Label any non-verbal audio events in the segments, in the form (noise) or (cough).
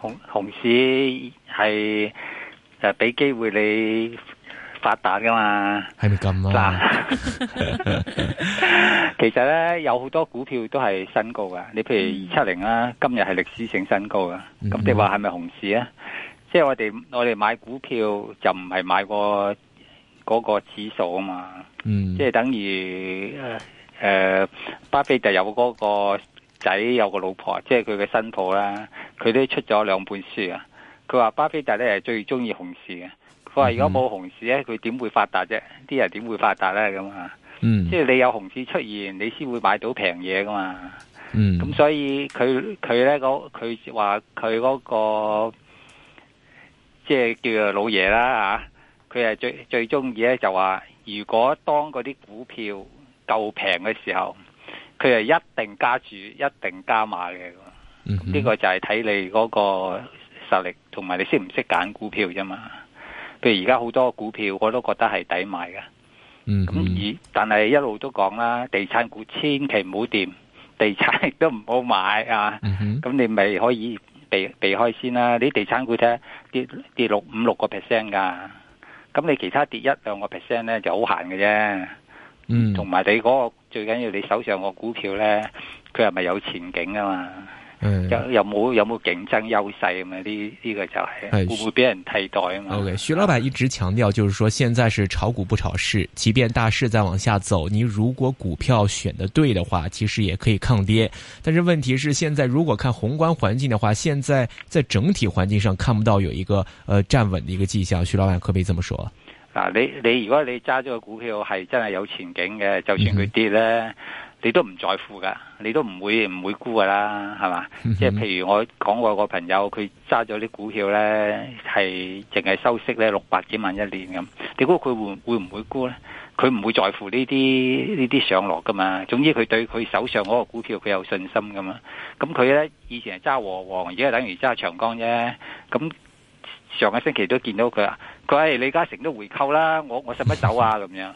紅熊市係誒俾機會你發達噶嘛？係咪咁啊？嗱 (laughs) (laughs) 其實咧有好多股票都係新高噶，你譬如二七零啦，今日係歷史性新高啊！咁、嗯、你話係咪熊市啊？即係我哋我哋買股票就唔係買過嗰個指數啊嘛？嗯，即係等於誒、呃、巴菲特有嗰、嗰個。仔有個老婆，即係佢嘅新抱啦。佢都出咗兩本書啊。佢話巴菲特咧係最中意熊市嘅。佢話如果冇熊市咧，佢點會發達啫？啲人點會發達咧？咁、嗯、啊，即係你有熊市出現，你先會買到平嘢噶嘛。咁、嗯、所以佢佢咧佢話佢嗰個即係叫做老爺啦。佢係最最中意咧就話，如果當嗰啲股票夠平嘅時候。佢係一定加住、一定加碼嘅，咁呢個就係睇你嗰個實力同埋你識唔識揀股票啫嘛。譬如而家好多股票，我都覺得係抵買㗎。咁而但係一路都講啦，地產股千祈唔好掂，地產亦都唔好買啊。咁、嗯、你咪可以避避開先啦。你地產股睇跌跌六五六個 percent 噶，咁你其他跌一兩個 percent 咧就好閒嘅啫。嗯，同埋你嗰、那個最緊要你手上個股票呢，佢係咪有前景啊嘛？嗯，有有冇有冇競爭優勢啊嘛？呢、這個就係、是、會唔會俾人替代啊嘛？OK，徐老闆一直強調，就是說現在是炒股不炒市，嗯、即便大市再往下走，你如果股票選得對的話，其實也可以抗跌。但是問題是，現在如果看宏觀環境的話，現在在整體環境上看不到有一個，呃，站穩的一個跡象。徐老闆可唔可以這麼說？嗱，你你如果你揸咗個股票係真係有前景嘅，就算佢跌咧、嗯，你都唔在乎噶，你都唔會唔會沽噶啦，係嘛？即、嗯、係譬如我講過個朋友，佢揸咗啲股票咧，係淨係收息咧六百幾萬一年咁，你估佢會會唔會沽咧？佢唔會在乎呢啲呢啲上落噶嘛？總之佢對佢手上嗰個股票佢有信心噶嘛？咁佢咧以前係揸和黃而家等於揸長江啫。咁上個星期都見到佢啊。佢係李嘉誠都回購啦，我我使乜走啊？咁樣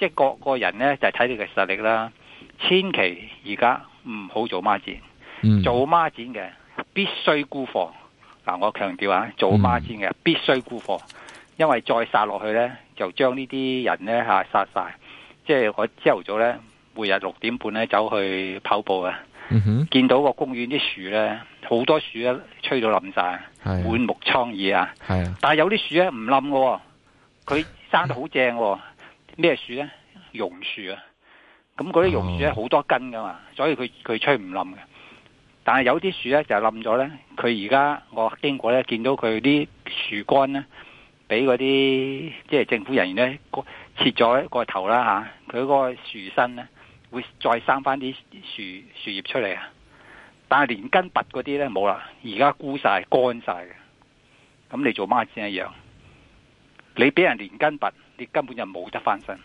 即係各個人咧，就睇你嘅實力啦。千祈而家唔好做孖展，做孖展嘅必須沽貨。嗱，我強調啊，做孖展嘅必須沽貨，因為再殺落去咧，就將呢啲人咧嚇殺曬。即係我朝頭早咧，每日六點半咧走去跑步啊，見到個公園啲樹咧好多樹咧吹到冧曬。滿目瘡痍啊！係啊，但係有啲樹咧唔冧喎，佢生得好正。咩樹咧？榕樹啊！咁嗰啲榕樹咧好多根噶嘛，所以佢佢吹唔冧嘅。但係有啲樹咧就冧咗咧，佢而家我經過咧見到佢啲樹幹咧，俾嗰啲即係政府人員咧切咗一個頭啦吓，佢嗰個樹身咧會再生翻啲樹樹葉出嚟啊！但係連根拔嗰啲咧冇啦，而家沽晒乾晒嘅。咁你做孖展一樣，你俾人連根拔，你根本就冇得翻身。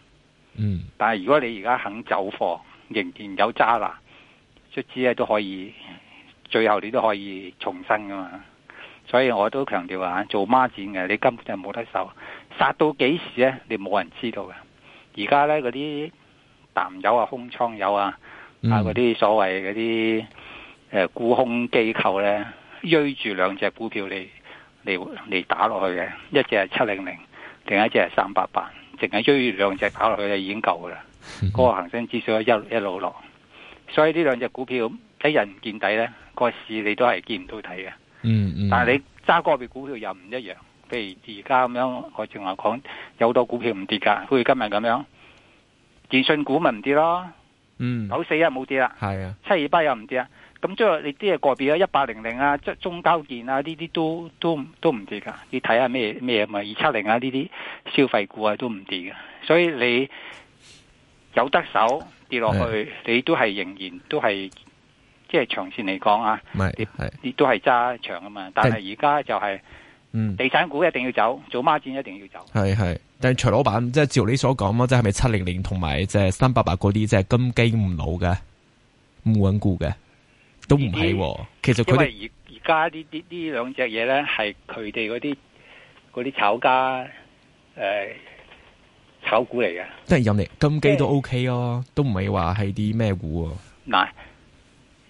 嗯。但係如果你而家肯走貨，仍然有渣啦，出資咧都可以，最後你都可以重生噶嘛。所以我都強調啊，做孖展嘅你根本就冇得手，殺到幾時咧？你冇人知道嘅。而家咧嗰啲淡友啊，空倉友啊，嗯、啊嗰啲所謂嗰啲。誒，沽空機構咧追住兩隻股票嚟嚟嚟打落去嘅，一隻係七零零，另一隻係三八八，淨係追住兩隻打落去就已經夠噶啦。嗰 (laughs) 個恆生指數一一,一路落，所以呢兩隻股票睇人不見底咧，個市你都係見唔到底嘅。嗯嗯。但係你揸個別股票又唔一樣，譬如而家咁樣，我正話講有好多股票唔跌噶，好似今日咁樣，電信股咪唔跌咯。嗯。九四一冇跌啦。係啊。七二八又唔跌啊。咁即係你啲嘢個別啊一八零零啊，即係中交建啊，呢啲都都都唔跌噶。你睇下咩咩啊嘛，二七零啊呢啲消費股啊都唔跌嘅。所以你有得手跌落去，你都係仍然都係即係長線嚟講啊，跌係跌都係揸長啊嘛。但係而家就係嗯地產股一定要走，嗯、做孖展一定要走。係係。但係徐老闆即係照你所講啊，即係咪七零零同埋即係三百八嗰啲即係金雞唔老嘅，唔穩固嘅。都唔係、哦，其實佢哋而而家呢啲呢兩隻嘢咧，係佢哋嗰啲啲炒家誒、呃、炒股嚟嘅，OK 啊呃啊，即係有嚟，金基都 O K 咯，都唔係話係啲咩股。嗱，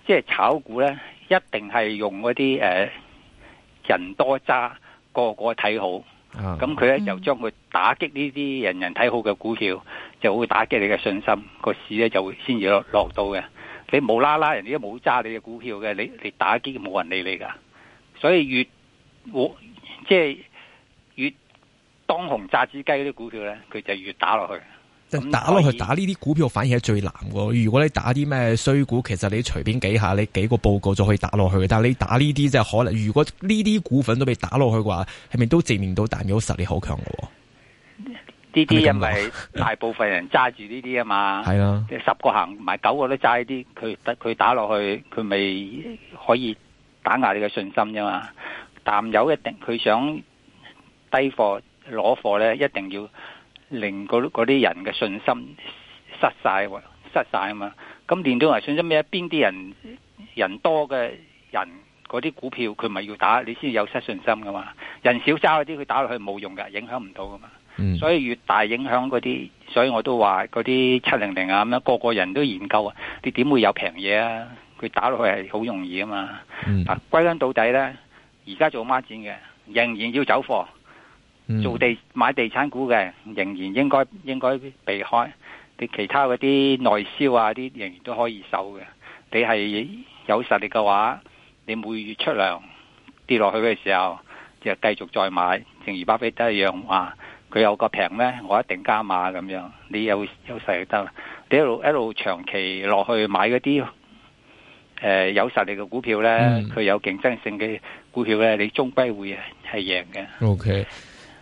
即係炒股咧，一定係用嗰啲誒人多揸，個個睇好，咁佢咧就將佢打擊呢啲人人睇好嘅股票，就會打擊你嘅信心，個市咧就會先至落落到嘅。你冇啦啦，人哋都冇揸你嘅股票嘅，你你打機冇人理你噶，所以越我即係越，越當紅炸子雞啲股票咧，佢就越打落去，去。打落去打呢啲股票，反而係最難喎。如果你打啲咩衰股，其實你隨便幾下，你幾個報告就可以打落去嘅。但係你打呢啲，即係可能如果呢啲股份都被打落去嘅話，係咪都證明到大好實力好強喎？呢啲因為大部分人揸住呢啲啊嘛，十個行埋九個都揸啲，佢佢打落去佢咪可以打壓你嘅信心啫嘛。但有一定佢想低貨攞貨咧，一定要令嗰啲人嘅信心失晒失晒啊嘛。咁點到話信心咩？邊啲人人多嘅人嗰啲股票佢咪要打你先有失信心噶嘛？人少揸嗰啲佢打落去冇用噶，影響唔到噶嘛。嗯、所以越大影響嗰啲，所以我都話嗰啲七零零啊咁樣，個個人都研究啊，你點會有平嘢啊？佢打落去係好容易啊嘛、嗯。啊，歸根到底呢，而家做孖展嘅仍然要走貨、嗯，做地買地產股嘅仍然應該應該避開。你其他嗰啲內銷啊啲仍然都可以收嘅。你係有實力嘅話，你每月出糧跌落去嘅時候，就繼續再買，正如巴菲特一樣話。佢有個平咩？我一定加碼咁樣。你有優勢就得啦。你一路一路長期落去買嗰啲誒有實力嘅股票咧，佢、嗯、有競爭性嘅股票咧，你終歸會係贏嘅。OK。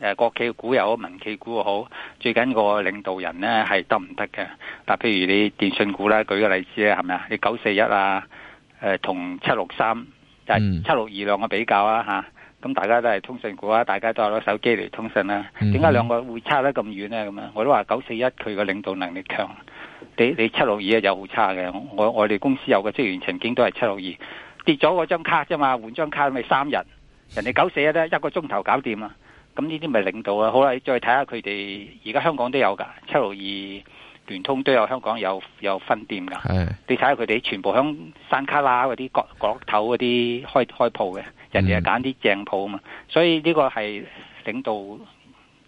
誒，國企股又好，民企股又好，最緊個領導人咧係得唔得嘅？嗱、啊，譬如你電信股啦，舉個例子啦，係咪啊？你九四一啊，誒，同七六三、就係七六二兩個比較啊吓，咁大家都係通訊股啦，大家都係攞手機嚟通訊啦、啊，點解兩個會差得咁遠咧？咁我都話九四一佢個領導能力強，你你七六二啊就好差嘅，我我哋公司有個職員曾經都係七六二，跌咗嗰張卡啫嘛，換張卡咪三日，人哋九四一咧一個鐘頭搞掂啊！咁呢啲咪領導啊？好啦，再睇下佢哋而家香港都有噶，七六二聯通都有香港有有分店噶。你睇下佢哋全部喺山卡拉嗰啲角角頭嗰啲開開鋪嘅，人哋係揀啲正鋪啊嘛、嗯。所以呢個係領導，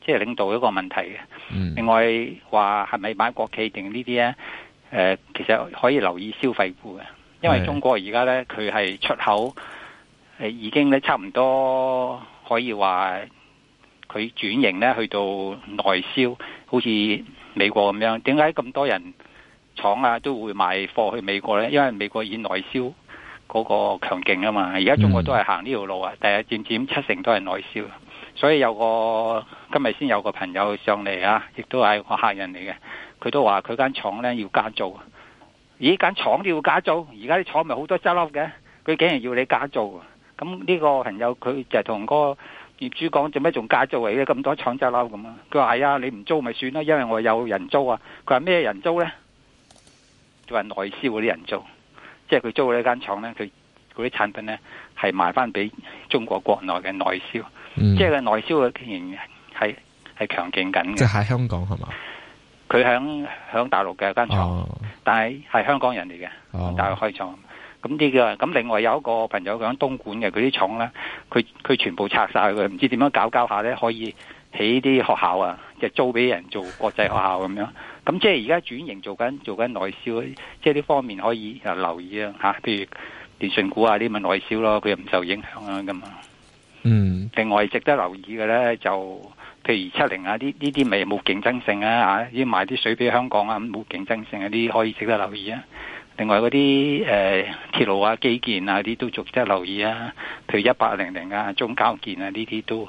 即、就、係、是、領導一個問題嘅、嗯。另外話係咪買國企定呢啲咧？誒，其實可以留意消費股嘅，因為中國而家咧佢係出口、呃、已經咧差唔多可以話。佢轉型咧去到內銷，好似美國咁樣。點解咁多人廠啊都會買貨去美國呢？因為美國以內銷嗰個強勁啊嘛。而家中國都係行呢條路啊，第日漸漸七成都係內銷。所以有個今日先有個朋友上嚟啊，亦都係個客人嚟嘅。佢都話佢間廠咧要加租。咦？間廠都要加租？而家啲廠咪好多執笠嘅？佢竟然要你加租？咁呢個朋友佢就係同、嗰個。業主講，做咩仲加租嚟嘅？咁多廠就嬲咁啦。佢話係啊，你唔租咪算啦，因為我有人租啊。佢話咩人租咧？佢話內銷嗰啲人租，即係佢租呢間廠咧，佢嗰啲產品咧係賣翻俾中國國內嘅內銷，即係佢內銷嘅竟然係係強勁緊嘅。即係喺香港係嘛？佢響響大陸嘅間廠，但係係香港人嚟嘅、哦、喺大陸開廠。咁啲嘅，咁另外有一個朋友喺東莞嘅，佢啲廠咧，佢佢全部拆晒，佢，唔知點樣搞搞下咧，可以起啲學校啊，即係租俾人做國際學校咁樣。咁即係而家轉型做緊做緊內銷，即係呢方面可以留意啊嚇。譬如電信股啊，呢啲咪內銷咯，佢又唔受影響啊咁啊。嗯，另外值得留意嘅咧，就譬如七零啊，呢呢啲咪冇競爭性啊嚇，要賣啲水俾香港啊，冇競爭性嗰啲可以值得留意啊。另外嗰啲誒鐵路啊、基建啊嗰啲都值得留意啊，譬如一八零零啊、中交建啊呢啲都。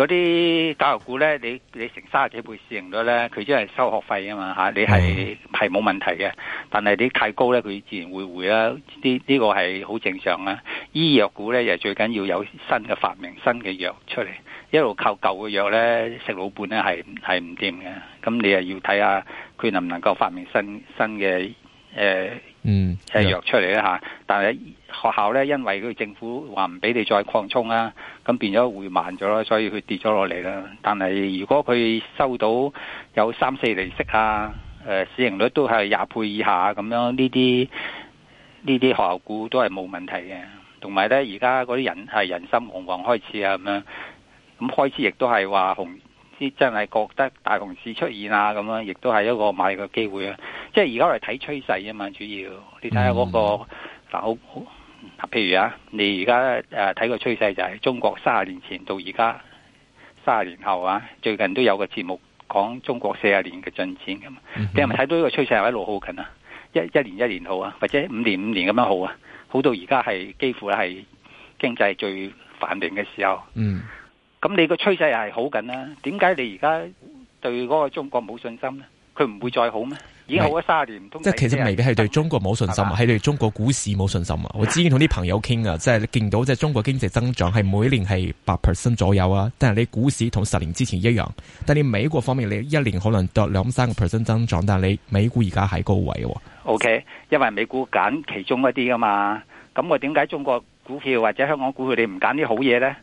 嗰啲教育股咧，你你成三十幾倍市盈率咧，佢即係收學費啊嘛吓，你係係冇問題嘅。但係你太高咧，佢自然會回啦。呢、這個係好正常啦。醫藥股咧，又最緊要有新嘅發明、新嘅藥出嚟，一路靠舊嘅藥咧食老本咧，係係唔掂嘅。咁你又要睇下佢能唔能夠發明新新嘅誒、呃、嗯係藥出嚟咧吓，但係。學校咧，因為佢政府話唔俾你再擴充啊，咁變咗會慢咗啦，所以佢跌咗落嚟啦。但係如果佢收到有三四厘息啊，誒、呃、市盈率都係廿倍以下咁、啊、樣，呢啲呢啲學校股都係冇問題嘅。同埋咧，而家嗰啲人係人心惶惶開始啊，咁樣咁開始亦都係話紅，真係覺得大紅市出現啊，咁樣亦都係一個買嘅機會啊。即係而家我哋睇趨勢啊嘛，主要你睇下嗰個。嗯譬如啊，你而家誒睇個趨勢就係中國三十年前到而家三十年後啊，最近都有個節目講中國四十年嘅進展咁嘛，嗯，你係咪睇到呢個趨勢係一路好近啊？一一年一年好啊，或者五年五年咁樣好啊，好到而家係幾乎係經濟最繁榮嘅時候。嗯，咁你個趨勢係好緊啊？點解你而家對嗰個中國冇信心咧？佢唔會再好咩？以後嗰卅年，即係其實未必係對中國冇信心啊，係對中國股市冇信心啊。我之前同啲朋友傾啊，即係你見到，即係中國經濟增長係每年係八 percent 左右啊，但係你股市同十年之前一樣，但係你美國方面你一年可能得兩三個 percent 增長，但係你美股而家喺高位啊。OK，因為美股揀其中一啲噶嘛。咁我點解中國股票或者香港股票你唔揀啲好嘢咧？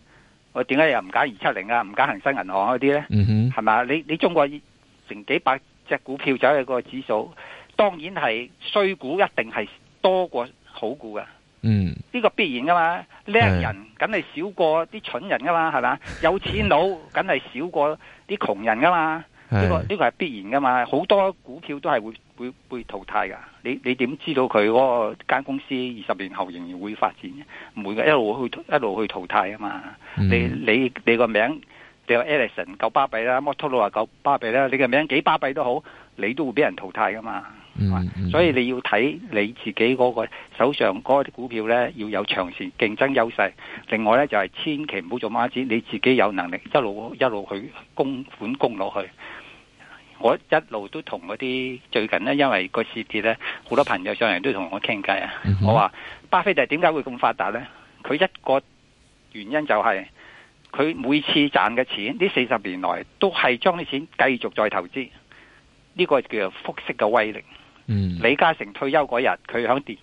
我點解又唔揀二七零啊？唔揀恒生銀行嗰啲咧？嗯哼，係咪？你你中國成幾百？隻股票走嘅個指數，當然係衰股一定係多過好股嘅。嗯，呢、這個必然噶嘛。叻人梗係少過啲蠢人噶嘛，係嘛？有錢佬梗係少過啲窮人噶嘛。呢、這個呢、這個係必然噶嘛。好多股票都係會會被淘汰噶。你你點知道佢嗰個間公司二十年後仍然會發展？唔會的，一路去一路去淘汰啊嘛。嗯、你你你個名。你話 Alexon，夠巴閉啦；摩托羅拉夠巴閉啦。你嘅名幾巴閉都好，你都會俾人淘汰噶嘛、嗯嗯。所以你要睇你自己嗰個手上嗰啲股票咧，要有長線競爭優勢。另外咧就係、是、千祈唔好做孖展，你自己有能力一路一路，一路去供款供落去。我一路都同嗰啲最近呢，因為嗰個市跌咧，好多朋友上嚟都同我傾偈啊。我話巴菲特點解會咁發達咧？佢一個原因就係、是。佢每次賺嘅錢，呢四十年來都係將啲錢繼續再投資，呢、這個叫做複息嘅威力。嗯、李嘉誠退休嗰日，佢響電，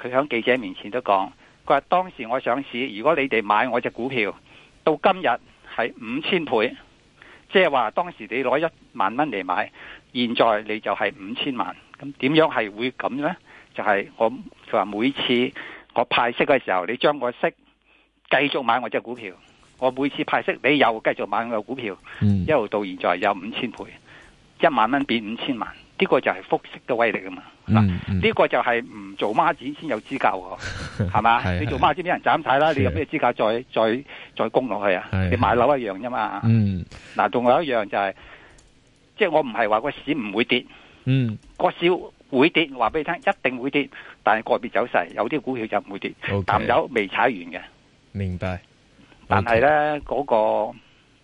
佢響記者面前都講，佢話當時我上市，如果你哋買我隻股票，到今日係五千倍，即係話當時你攞一萬蚊嚟買，現在你就係五千萬。咁點樣係會咁呢？就係、是、我佢話每次我派息嘅時候，你將個息繼續買我隻股票。我每次派息，你又繼續買我嘅股票，嗯、一路到現在有五千倍，一萬蚊變五千萬，呢、這個就係複息嘅威力啊嘛！嗱，呢個就係唔做孖展先有資格喎，係嘛？你做孖展俾人斬晒啦，你有咩資格再再再供落去啊？你買樓一樣啫嘛。嗯，嗱、嗯，仲、這個有， (laughs) 有，啊嗯啊、有一樣就係、是，即係我唔係話個市唔會跌，嗯，個市會跌，話俾你聽，一定會跌，但係個別走勢，有啲股票就唔會跌，但、okay, 淡手未踩完嘅，明白。但係呢，嗰、okay. 那個，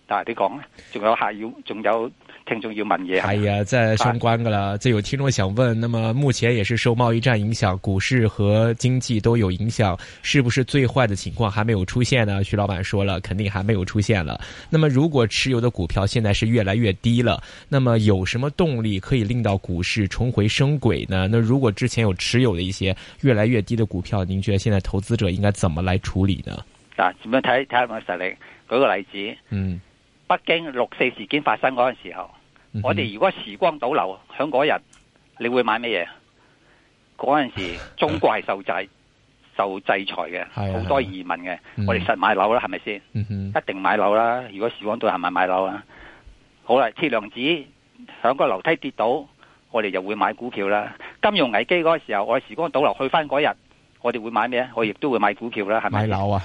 但係點講仲有客要，仲有聽眾要問嘢係啊，即、哎、相關噶啦。即係有聽眾想問，那麼目前也是受貿易戰影響，股市和經濟都有影響，是不是最壞的情況還沒有出現呢？徐老闆說了，肯定還沒有出現了。那麼如果持有的股票現在是越來越低了，那麼有什麼動力可以令到股市重回升軌呢？那如果之前有持有的一些越來越低的股票，您覺得現在投資者應該怎麼來處理呢？嗱，點樣睇睇下我嘅實力？舉個例子，嗯，北京六四事件發生嗰陣時候，嗯、我哋如果時光倒流，響嗰日，你會買咩嘢？嗰陣時，中國係受制 (laughs) 受制裁嘅，好 (laughs) 多移民嘅、嗯。我哋實買樓啦，係咪先？一定買樓啦。如果時光倒流係咪買樓啦。好啦，鐵娘子響個樓梯跌倒，我哋就會買股票啦。金融危機嗰個時候，我哋時光倒流去翻嗰日，我哋會買咩啊？我亦都會買股票啦，係咪？買樓啊！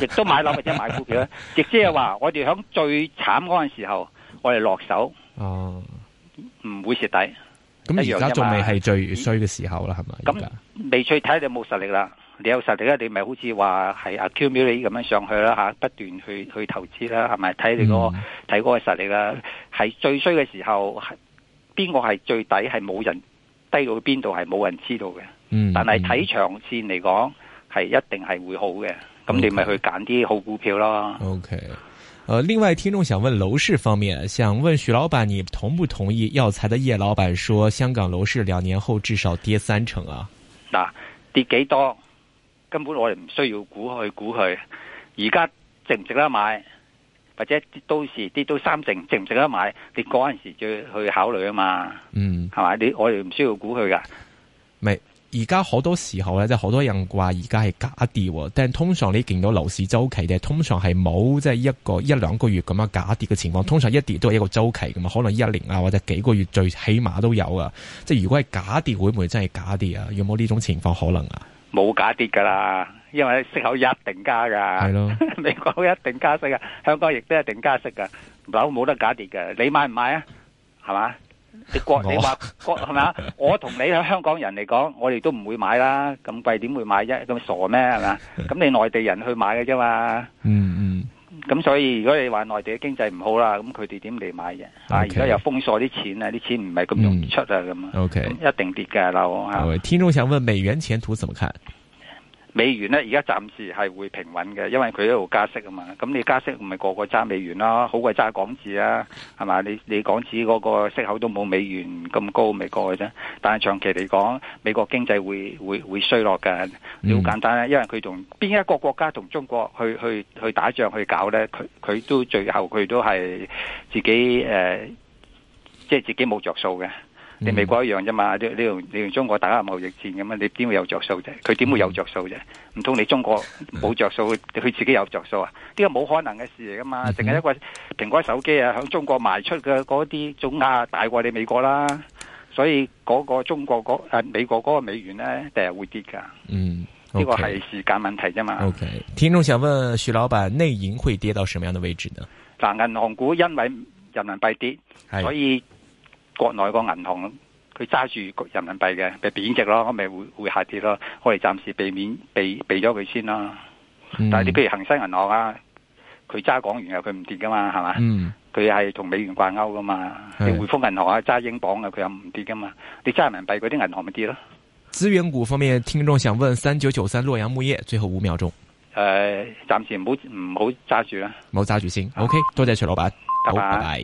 亦都買樓或者、就是、買股票咧，亦即係話我哋喺最慘嗰陣時候，我哋落手，唔、哦、會蝕底。咁、嗯、而家仲未係最衰嘅時候啦，係咪？咁未最睇你冇實力啦，你有實力咧，你咪好似話係阿 Q Milli 咁樣上去啦，不斷去去投資啦，係咪？睇你、個睇嗰、嗯、個實力啦。係最衰嘅時候，邊個係最底？係冇人低到邊度？係冇人知道嘅。嗯。但係睇長線嚟講，係一定係會好嘅。咁你咪去揀啲好股票咯。OK，, okay.、呃、另外聽眾想問樓市方面，想問徐老闆，你同不同意藥材的葉老闆說香港樓市兩年後至少跌三成啊？嗱、啊，跌幾多根本我哋唔需要估去估佢。而家值唔值得買，或者到時跌到三成值唔值得買，你嗰陣時再去考慮啊嘛。嗯，係咪？你我哋唔需要估佢噶，未？而家好多時候咧，即係好多人話而家係假跌，但係通常你見到樓市周期嘅，通常係冇即係一個一兩個月咁樣假跌嘅情況，通常一跌都係一個周期咁嘛，可能一年啊或者幾個月，最起碼都有呀。即係如果係假跌，會唔會真係假跌啊？有冇呢種情況可能啊？冇假跌噶啦，因為息口一定加噶，係咯，美國一定加息啊，香港亦都一定加息噶，樓冇得假跌嘅，你買唔買啊？係嘛？你國你話國係咪啊？我同你喺香港人嚟講，我哋都唔會買啦，咁貴點會買啫？咁傻咩係咪啊？咁你內地人去買嘅啫嘛。嗯嗯。咁所以如果你話內地嘅經濟唔好啦，咁佢哋點嚟買嘅？Okay. 啊，而家又封鎖啲錢啊，啲錢唔係咁容易出啊，咁、mm-hmm. 啊。O K。一定跌㗎啦、okay.。聽眾想問美元前途怎麼看？美元咧，而家暫時係會平穩嘅，因為佢一路加息啊嘛。咁你加息唔係個個揸美元啦，好鬼揸港紙啊，係嘛？你你港紙嗰個息口都冇美元咁高，美國嘅啫。但係長期嚟講，美國經濟會會會衰落嘅，你好簡單啊。因為佢同邊一個國家同中國去去去打仗去搞咧，佢佢都最後佢都係自己誒，即係自己冇著數嘅。嗯、你美國一樣啫嘛，呢度你同中國打下貿易戰咁啊，你點會有着數啫？佢點會有着數啫？唔、嗯、通你中國冇着數，佢自己有着數啊？呢個冇可能嘅事嚟噶嘛？淨、嗯、係一個蘋果手機啊，響中國賣出嘅嗰啲總額大過你美國啦，所以嗰個中國誒、啊、美國嗰個美元咧，第日會跌噶。嗯、呢、okay, 個係時間問題啫嘛。OK，聽眾想問徐老闆，內銀會跌到什麼樣嘅位置呢？嗱，銀行股因為人民幣跌，所以。國內個銀行佢揸住人民幣嘅，咪貶值咯，咪會會下跌咯。我哋暫時避免避避咗佢先啦。但係你譬如恒生銀行啊，佢揸港元啊，佢唔跌噶嘛，係嘛？佢、嗯、係同美元掛鈎噶嘛？你匯豐銀行啊，揸英鎊啊，佢又唔跌噶嘛？你揸人民幣嗰啲銀行咪跌咯？資源股方面，聽眾想問三九九三洛陽鉬業，最後五秒鐘。誒、呃，暫時唔好唔好揸住啦，唔好揸住先。OK、啊、多謝徐老闆，拜拜。拜拜。